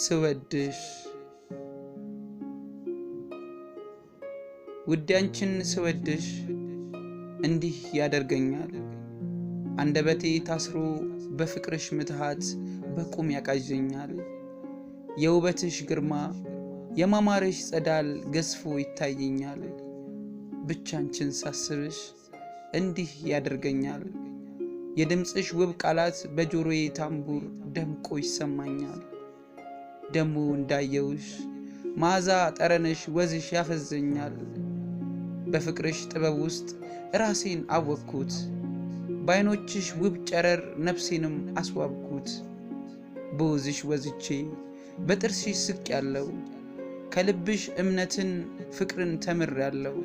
ስወድሽ ውዳንችን ስወድሽ እንዲህ ያደርገኛል አንደበቴ ታስሮ በፍቅርሽ ምትሃት በቁም ያቃዥኛል የውበትሽ ግርማ የማማረሽ ጸዳል ገዝፎ ይታየኛል። ብቻንችን ሳስብሽ እንዲህ ያደርገኛል። የድምፅሽ ውብ ቃላት በጆሮዬ ታምቡር ደምቆ ይሰማኛል። ደሞ እንዳየውሽ ማዛ ጠረንሽ ወዝሽ ያፈዘኛል። በፍቅርሽ ጥበብ ውስጥ ራሴን አወቅኩት። በዓይኖችሽ ውብ ጨረር ነፍሴንም አስዋብኩት። በወዝሽ ወዝቼ በጥርስሽ ስቅ ያለው ከልብሽ እምነትን ፍቅርን ተምር ያለው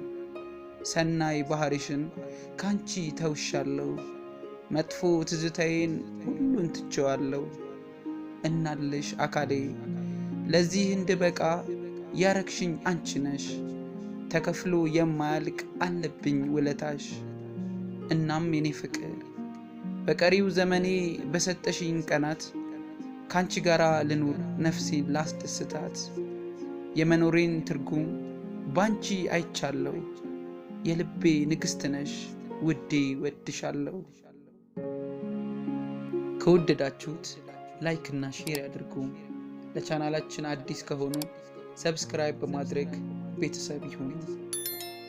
ሰናይ ባህሪሽን ካንቺ ተውሻለሁ። መጥፎ ትዝታዬን ሁሉን ትቸዋለሁ። እናለሽ አካሌ ለዚህ እንድበቃ ያረግሽኝ አንቺ ነሽ። ተከፍሎ የማያልቅ አለብኝ ውለታሽ። እናም የኔ ፍቅር በቀሪው ዘመኔ በሰጠሽኝ ቀናት ከአንቺ ጋር ልኑር ነፍሴን ላስደስታት። የመኖሬን ትርጉም ባንቺ አይቻለሁ። የልቤ ንግሥት ነሽ ውዴ፣ ወድሻለሁ። ከወደዳችሁት ላይክና ሼር ያድርጉም። ለቻናላችን አዲስ ከሆኑ ሰብስክራይብ በማድረግ ቤተሰብ ይሁኑ።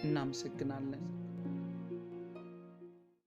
እናመሰግናለን።